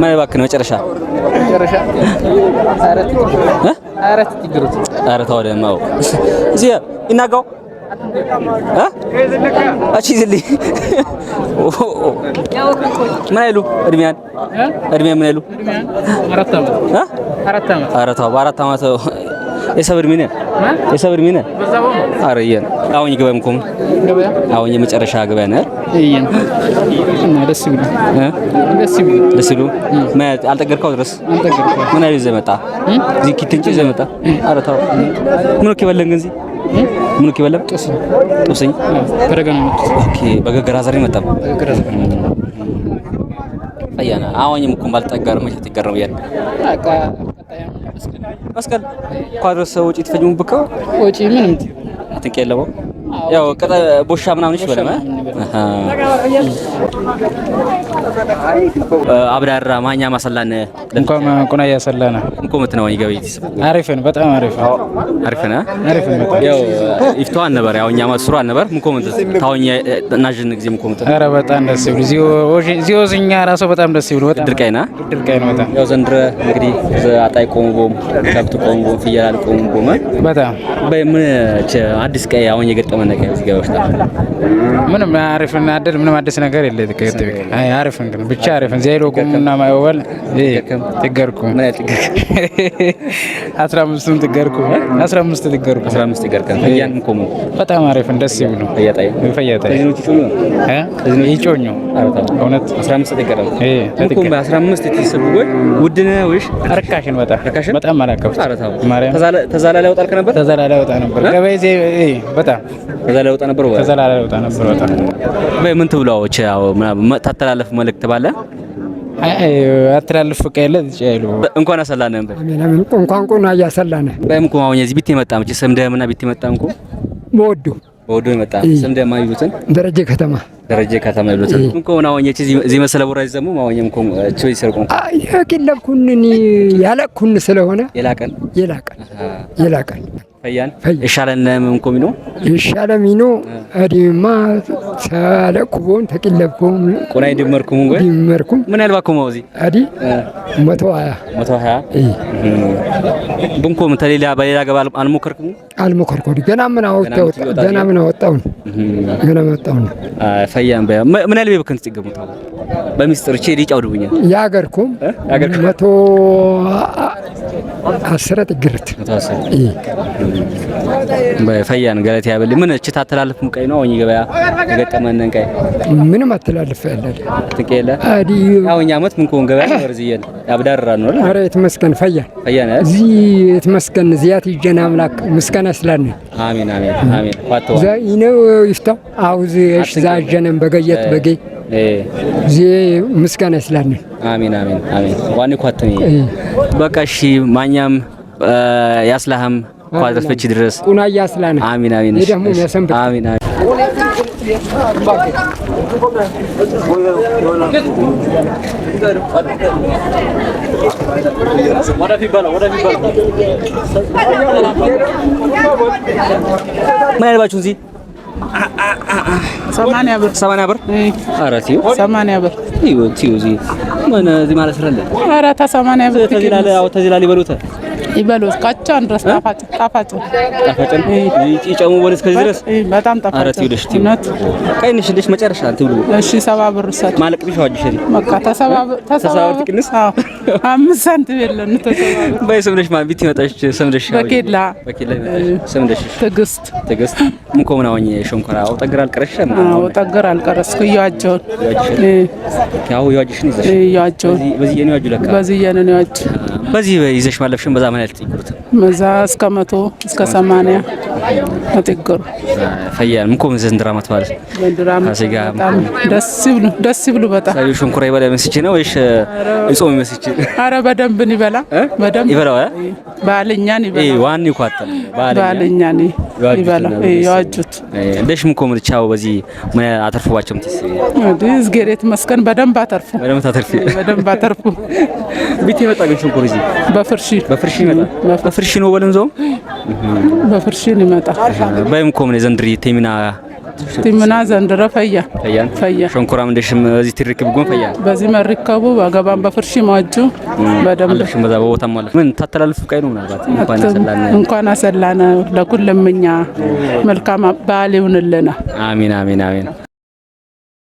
ማይ ባክ ነው መጨረሻ መጨረሻ ይናጋው ምን አይሉ እድሜያን እድሜ ምን አይሉ አራት አራት የሰብር ሚነ የሰብር ሚነ አረ እየን አሁን ይገበም ኮም አሁን የመጨረሻ ገበያ ነህ እየን እና ደስ ይብሉ ደስ ይብሉ ደስ ይብሉ ማለት አልጠገርከው ድረስ አልጠገርከው ምን አይል ዘመጣ እዚህ ኪትንጭ ዘመጣ አረ ተው ምን ነው ከበለን ግን እዚህ ምን ከበለም ጥስኝ ጥስኝ ነው ኦኬ በገገራ አያና አሁን የምኩም ባልጠገር መቼ ትገረም ያን በቃ መስቀል ኳድረሰ ወጪ ብከው ወጪ ምንም ጥያቄ የለውም። ያው ቀጠ ቦሻ ምናምን ይችላል። አብዳራ ማኛ ማሰላነ እንኳን ቁና ያሰላና እንኳን ምትነው ይገበይት አሪፍ ነው። በጣም አሪፍ ነው አሪፍ ነው። አሪፍ ነው። ያው ይፍቷል ነበር ያው እኛ መስሯል ነበር ምንኮም ታውኛ እናጅን ጊዜ ምንኮም አረ በጣም ደስ ይብል ወጂ እዚሁ እዚኛ ራሱ በጣም ደስ ይብል ወጣ ድርቀይና ድርቀይ ነው በጣም ያው ዘንድረ እንግዲህ አጣይ ቆሙ ቦም ከብት ቆሙ ቦም ፍየል ቆሙ ቦም በጣም በምን አዲስ ቀይ አሁን የገጠ መነቂያ እዚህ ገባ ውስጥ ምንም አሪፍ እና ምንም አዲስ ነገር የለ። አይ አሪፍ እንግዲህ ብቻ አሪፍ ዘይሎ ቁምና ማይወል ትገርኩ አስራ አምስቱን ትገርኩ አስራ አምስት ትገርኩ አስራ አምስት ትገርኩ ፈያን ቆሙ በጣም አሪፍ ደስ ይብሉ ፈያጣይ ፈያጣይ ይጮኙ እውነት አስራ አምስት ትገርኩ እንኩም በአስራ አምስት ትስብጎይ ወይ ውድነ ውሽ አርካሽን በጣም ርካሽ በጣም አላከብት ተዛላ ላይ ወጣልከ ነበር ተዛላ ላይ ወጣ ነበር ገበይ በጣም ከዛ ላይ ወጣ ነበር ወጣ ከዛ ላይ ወጣ ነበር ወጣ ምን ትብላዎች ያው ታተላለፍ መልእክት ባለ አትላልፍ ቀለ ይሉ እንኳን አሰላነ ነበር እንኳን ቆና ያሰላነ በእምኩ አሁን የዚህ ቢት ይመጣም እቺ ሰምደምና ቢት ይመጣም እኮ ወዱ በወዶ የመጣ ስም ደማ ደረጀ ከተማ ደረጀ ከተማ ይሉትን እንኮ ሆነ እቺ እዚህ መሰለ ቦራይ ዘሙ ማወኘም ኮ እቺ ይሰርቁ አይ ከለኩንኒ ያለኩን ስለሆነ የላቀን የላቀን የላቀን ፈያን ይሻለንም እንኮ ሚኖ ይሻለሚኖ አዲማ ሳለ ኩቦን ተቂለብ ኩቦን ቆናይ ድመር ወይ ምን አልባ አውዚ አዲ 120 120 እይ ብንኩም ተሌላ በሌላ ገባ አልሞከርኩም አልሞከርኩ ገና ምን አወጣው ገና ምን አወጣው ገና ምን አወጣው ፈያም በያ ምን አልቤ በከን ጽገሙ ታው በሚስጥር ቼ ሊጫው ድብኛ ያገርኩም ያገርኩም 100 አስረት ግርት 110 እይ በፈያን ገለት ያበል ምን እች ታተላልፍ ሙቀይ ነው ወኝ ገበያ ተገጠመን ቀይ ምንም አተላልፍ ያለል ትቀየለ አዲ አሁን አመት ምን ኮን ገበያ ወርዝየን አብዳራ ነው አረ የተመስገን ፈያን ፈያን እዚ የተመስገን ዚያት ይጀና አምላክ ምስጋና ስላነ አሜን አሜን አሜን ፋተዋ ዛ ይነው ይፍታ አውዝ እሽ ዛጀነን በገየት በገይ እዚ ምስጋና ስላነ አሜን አሜን አሜን ዋኔ ኳትኒ በቃ እሺ ማኛም ያስላህም እስከ ድረስ ቁናያ ስላነ አሚን አሚን አሚን አሚን። ምን ያልባችሁ እዚህ ሰማንያ ብር ሰማንያ ብር ኧረ ተይው፣ ሰማንያ ብር ተይው። እዚህ ምን እዚህ ማለት ስራ አለ? ኧረ ተሰማንያ ብር ተዚህ ላለ አዎ፣ ተዚህ ላለ ይበሉት ይበሉት። ካቻን ድረስ ጣፋጭ ጣፋጭ ጣፋጭ ይጨሙ ወለስ ከዚህ ድረስ በጣም ጣፋጭ። አራት ይውልሽ ቲምናት ቀይንሽ ልሽ መጨረሻ ትብሉ። እሺ ሰባ ብር ሰጥ ማለቅ ቢሽ ዋጅሽ እኔ በቃ ተሰባ ተሰባ ትቅንስ አዎ አምስት ሳንቲም የለን ተሰባ በይ። ሰምደሽ ማን ቢት ይመጣሽ ሰምደሽ በኬላ በኬላ ይመጣሽ ሰምደሽ ትግስት ትግስት ሙኮምና ወኝ ሸንኮራ አውጠግር አልቀረሽ አዎ ጠግር አልቀረስኩ ይዋጆን ይዋጆን ያው ይዋጆሽን ይዘሽ ይዋጆን በዚህ የኔ ይዋጆ ለካ በዚህ የኔ ነው ይዋጆ በዚህ ይዘሽ ማለፍሽን በዛ ምን ያህል ትይቁት? እዛ እስከ መቶ እስከ ሰማንያ አጤገሩ ፈያል ምኮ ዘንድሮ ዓመት ማለት ደስ ብሉ በጣም ሸንኮራ ይበላ መስቼ ነው ወይስ ጾም መስቼ? አረ በደንብ ይበላ በደንብ ይበላ ባልኛን ይበላ ዋን ይኳጣ ባልኛን ይበላ ያዋጁት ደሽ ምኮ ምርቻው በዚህ ምን አተርፉባቸው ምትስ እንግዲህ እዝጌር ይመስገን በደንብ አተርፉ በደንብ አተርፉ በደንብ አተርፉ ቢት ይመጣ ግን ሸንኮራ እዚህ በፍርሺ በፍርሺ ይመጣ በፍርሺ ነው በለን ዞም በፍርሺ ነው ይመጣ ባይም ኮምነ ዘንድሪ ቴሚና ቲምና ዘንድረ ፈያ ፈያ ሸንኮራም እንደሽም በዚህ ትርክብ ጎን ፈያ በዚህ መርከቡ በገባን በፍርሺ ማጁ በደንብ በዛ በቦታ ማለት ምን ታተላልፍ ቀይ ነው ምናልባት እንኳን አሰላነ እንኳን አሰላነ መልካም በዓል ይሁንልና። አሚን አሚን አሚን።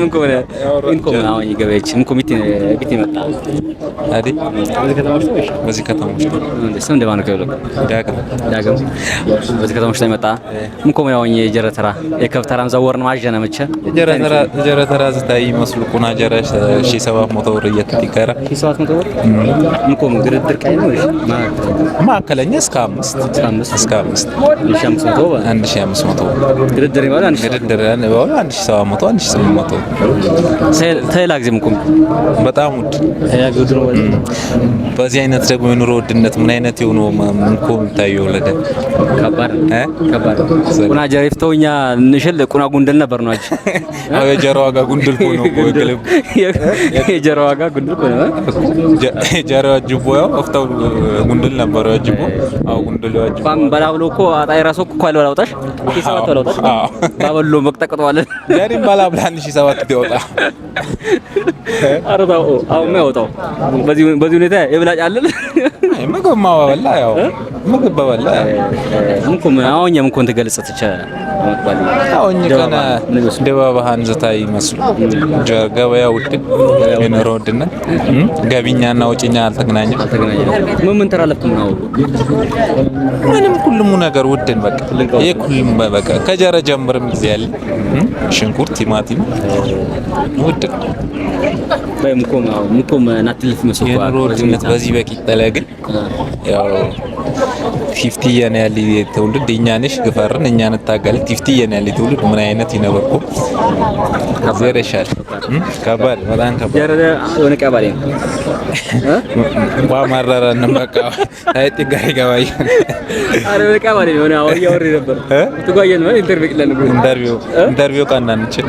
ምን ከሆነ ምን ከሆነ አሁን ይገበች ምን ኮሚቴ ቢት ይመጣ አይደል? በዚህ ከተማሽ ነው። በዚህ ከተማሽ ነው። እንደሰም ደባን ከብሎ ዳግም ዳግም በዚህ ከተማሽ ላይ መጣ ምን ከሆነ አሁን የጀረተራ የከብተራም ዘወር ነው አጀነ መቸ የጀረተራ የጀረተራ ዝታይ መስሉ ቁና ጀረሽ ሺ ሰባት መቶ ብር እየተጥቀራ ሺ ሰባት መቶ ብር ምን ከሆነ ድርድር ቀይ ነው። እሺ ማከለኛ እስከ አምስት እስከ አምስት አንድ ሺ አምስት መቶ ድርድር ይባላል። አንድ ሺ ሰባት መቶ አንድ ሺ የምመጣው። ተላግዜም ቁም በጣም ውድ በዚህ አይነት ደግሞ የኑሮ ውድነት ምን አይነት የሆነ ምንኮ የሚታየው ለደ ቁና ጀሪፍ እንሽል ቁና ጉንድል ነበር ነው አጂ አው የጀሮ ዋጋ ጉንድል ሆኖ ነው ግልብ የጀሮ ዋጋ ጉንድል ሆኖ ጀሮ አጅቦ ያው አፍታው ጉንድል ነበር አጅቦ አው ጉንድል አጅቦ ቋም በላብሎ እኮ አጣይ ራሶ እኮ ኳል በላውጣሽ ይሰማት ባበሎ መቅጠቅጠዋለን ያሪም ባላብላ አንድ ሺህ ሰባት ትወጣ። ኧረ ተው አሁን የማይወጣው በዚህ ሁኔታ የብላጭ አለን ምግብ ማበላ ያው ምግብ በበላ እንኩም አሁንም እንኩን ትገልጽ ትቸ አሁን ከነ ድባባህን ዝታይ ይመስሉ ገበያ ውድ የኑሮ ውድነት ገቢኛና ወጪኛ አልተገናኘም። ምን ምን ተራለፍክ ነው ምንም ሁሉም ነገር ውድን በቃ ይሄ ሁሉም በቃ ከጀረ ጀምርም ጊዜ ያለ ሽንኩርት፣ ቲማቲ ቲም ውድ የኑሮ ውድነት በዚህ በቀጠለ ግን ያው ቲፍቲ የኔ ያለ ትውልድ እኛ ነሽ ግፋርን እኛ እንታጋለን። ቲፍቲ የኔ ያለ ትውልድ ምን አይነት ይነበርኩ ዘረሻል ከባድ በጣም ከባድ ያረደ ወነቃ ባለ ዋ ማራራን በቃ ታይጥ ጋር ይገባይ አረ ወነቃ ባለ ነው ያወሪ ነበር ትጓየን ኢንተርቪው ኢንተርቪው ኢንተርቪው ካናንችን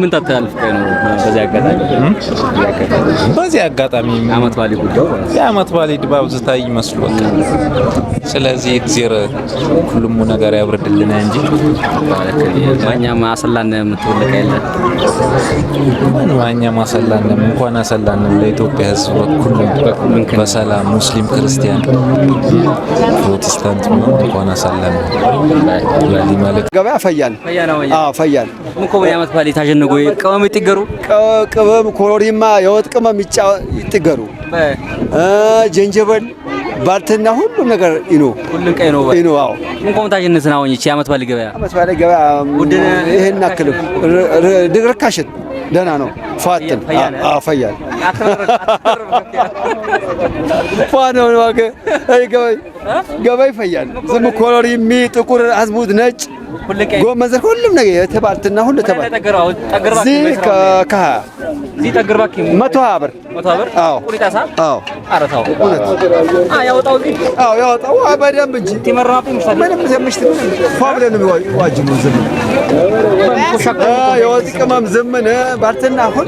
ምን ታተላልፍ ነው። በዚህ አጋጣሚ በዚህ አጋጣሚ አመት ባሊ ጉዳዩ የአመት ባሊ ድባብ ዝታይ ይመስሉ በቃ። ስለዚህ እግዜር ሁሉም ነገር ያብርድልን እንጂ እኛም አሰላን የምትወለቀ የለ ማኛ ማሰላን እንኳን አሰላን ለኢትዮጵያ ሕዝብ በኩል በሰላም ሙስሊም፣ ክርስቲያን፣ ፕሮቴስታንት እንኳን አሰላን ማለት ገበያ ፈያል ፈያል ምኮ ያመት ባል የታጀነጎ ቅመም ይጥገሩ ቅመም ኮሮሪማ የወጥ ቅመም ይጥገሩ ጀንጀበል ባልትና ሁሉ ነገር ኢኖ ሁሉ ቀይ ነው ኢኖ አዎ ምንቆም ታጀነስና ወኝ እቺ ያመት ባል ገበያ አመት ባል ገበያ ይሄን አክልም ድርካሽን ደህና ነው فاطم اه فيان ፋን ሆነ ዋገ ፈያል ዝም ኮሎሪ ሚ ጥቁር አዝሙድ ነጭ ጎመን ሁሉም ነገር የተባልትና ሁሉ ተባል ዚ ከሀ ዚ ተግርባኪ መቶ ሀያ ብር ያወጣው ቅመም ዝም ባልትና ሁሉ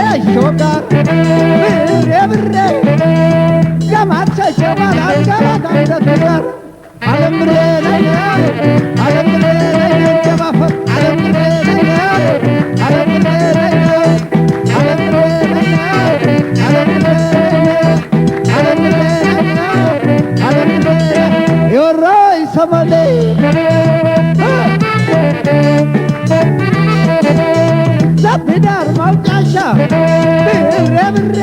ሾጋር ብሬ ብሬ ገማቸ ሸባላ ገባታ ተተጋር አለም ብሬ ነ forever.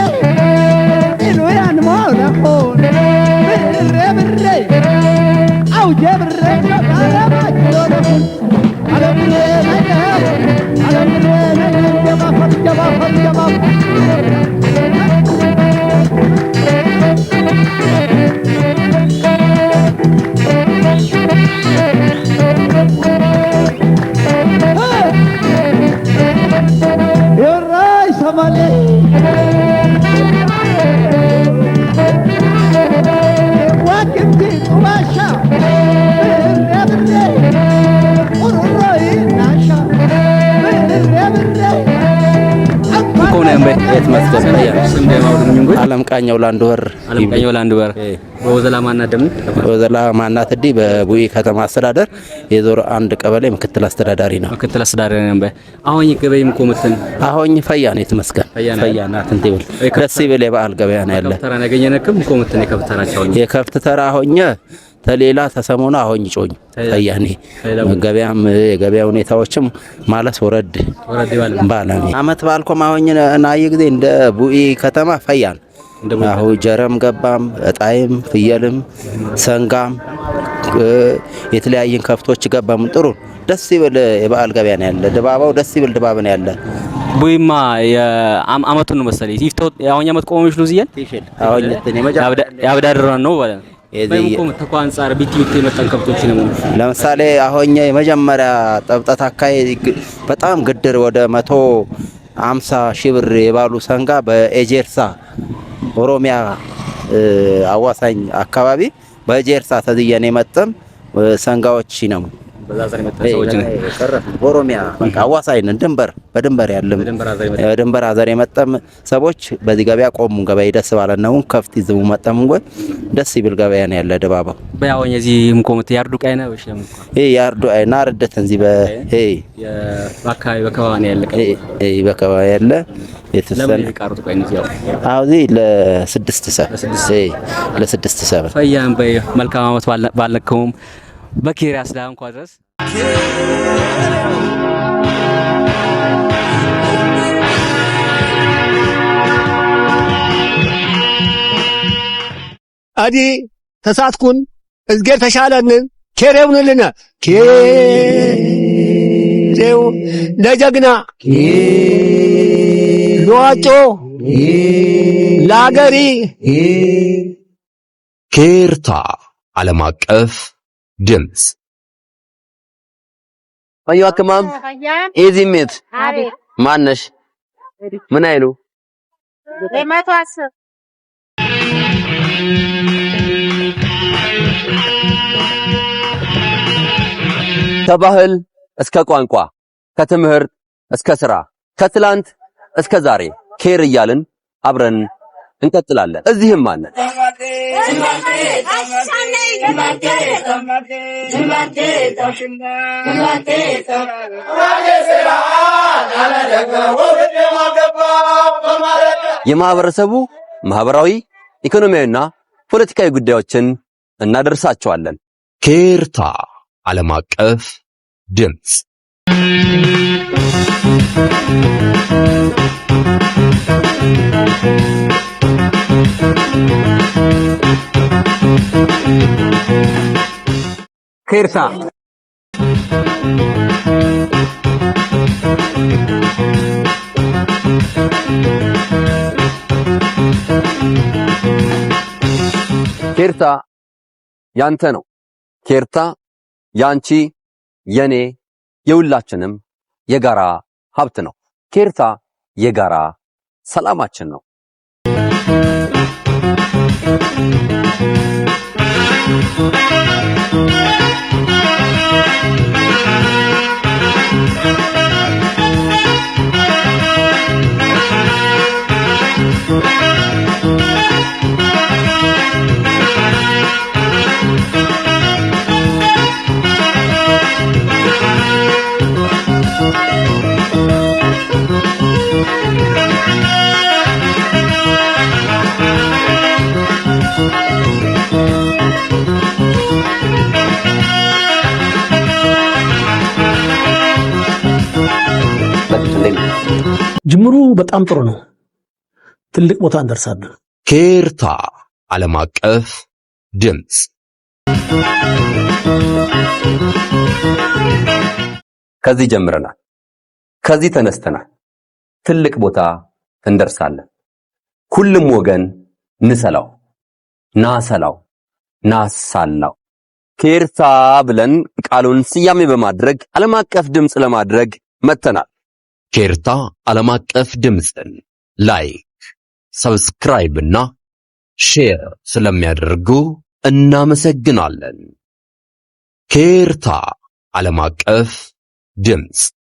አለም ቃኘው ላንድ ወር አለም ቃኘው ላንድ ወር በወዘላ ማናት ደግሞ በወዘላ ማናት እዲ በቡኢ ከተማ አስተዳደር የዞር አንድ ቀበሌ ምክትል አስተዳዳሪ ነው። ምክትል አስተዳዳሪ ነው። አሁን ገበይም ኮምትን አሁን ፈያ ነው የተመስገን ፈያ ናት እንት ይብል ደስ ይብል የበዓል ገበያ ነው ያለ ተራ ነገኘነክም ኮምትን የከፍተራቸው የከፍት ተራ ሆኘ ተሌላ ተሰሞኑ አሁኝ ጮኝ ፈያኔ ገበያም የገበያ ሁኔታዎችም ማለት ወረድ ባላ አመት ባልኮም አሁኝ ናይ ጊዜ እንደ ቡኢ ከተማ ፈያን አሁ ጀረም ገባም፣ እጣይም፣ ፍየልም፣ ሰንጋም የተለያየን ከብቶች ገባም። ጥሩ ደስ ይበል። የበዓል ገበያ ነው ያለ። ድባባው ደስ ይበል። ድባብ ነው ያለ። ቡይማ የአመቱን ነው መሰለኝ ይፍተው ያሁን ያመት ቆሞሽ ነው ዝየን ይሽል አሁን የትኔ ያብዳድራ ነው ማለት ነው። ለምሳሌ አሁን የመጀመሪያ ጠብጠት አካይ በጣም ግድር ወደ መቶ አምሳ ሺህ ብር የባሉ ሰንጋ በኤጀርሳ ኦሮሚያ አዋሳኝ አካባቢ በኤጀርሳ ተዝየኔ መጠም ሰንጋዎች ነው። ኦሮሚያ አዋሳኝ ድንበር በድንበር ያለም በድንበር አዘር የመጠም ሰዎች በዚህ ገበያ ቆሙ ገበያ ደስ ባለ ነው ከፍት ይዝሙ መጠም እንጎ ደስ ይብል ገበያ ነው ያለ ደባባው በያወኝ እዚ ምኮምት ያርዱ ቀይና ወሽ ነው እይ ያርዱ አይና ረደተን ዚ በ እይ በአካባቢ በከባ ነው ያለ እይ በከባ ያለ የተሰለ አውዚ ለስድስት ሰ ለስድስት ሰ ፈያን በይ መልካም አመት ባልነከውም በኬሪያ እንኳ ድረስ አዲ ተሳትኩን እዝጌር ተሻለንን ኬሬውንልን ኬሬው ለጀግና ለዋጮ ለአገሪ ኬርታ ዓለም አቀፍ ድምፅ ወዮ ማም ኤዚ ሜት ማነሽ ምን አይሉ ከባህል እስከ ቋንቋ ከትምህርት እስከ ስራ ከትላንት እስከ ዛሬ ኬር እያልን አብረን እንቀጥላለን። እዚህም አለን። የማህበረሰቡ ማህበራዊ ኢኮኖሚያዊና ፖለቲካዊ ጉዳዮችን እናደርሳቸዋለን። ኬርታ ዓለም አቀፍ ድምፅ ኬርታ ኬርታ ያንተ ነው። ኬርታ ያንቺ፣ የኔ፣ የሁላችንም የጋራ ሀብት ነው። ኬርታ የጋራ ሰላማችን ነው። Thank በጣም ጥሩ ነው። ትልቅ ቦታ እንደርሳለን። ኬርታ ዓለም አቀፍ ድምፅ ከዚህ ጀምረናል። ከዚህ ተነስተናል። ትልቅ ቦታ እንደርሳለን። ሁሉም ወገን ንሰላው፣ ናሰላው፣ ናሳላው ኬርታ ብለን ቃሉን ስያሜ በማድረግ ዓለም አቀፍ ድምፅ ለማድረግ መጥተናል። ኬርታ ዓለም አቀፍ ድምፅን ላይክ፣ ሰብስክራይብ እና ሼር ስለሚያደርጉ እናመሰግናለን። ኬርታ ዓለም አቀፍ ድምፅ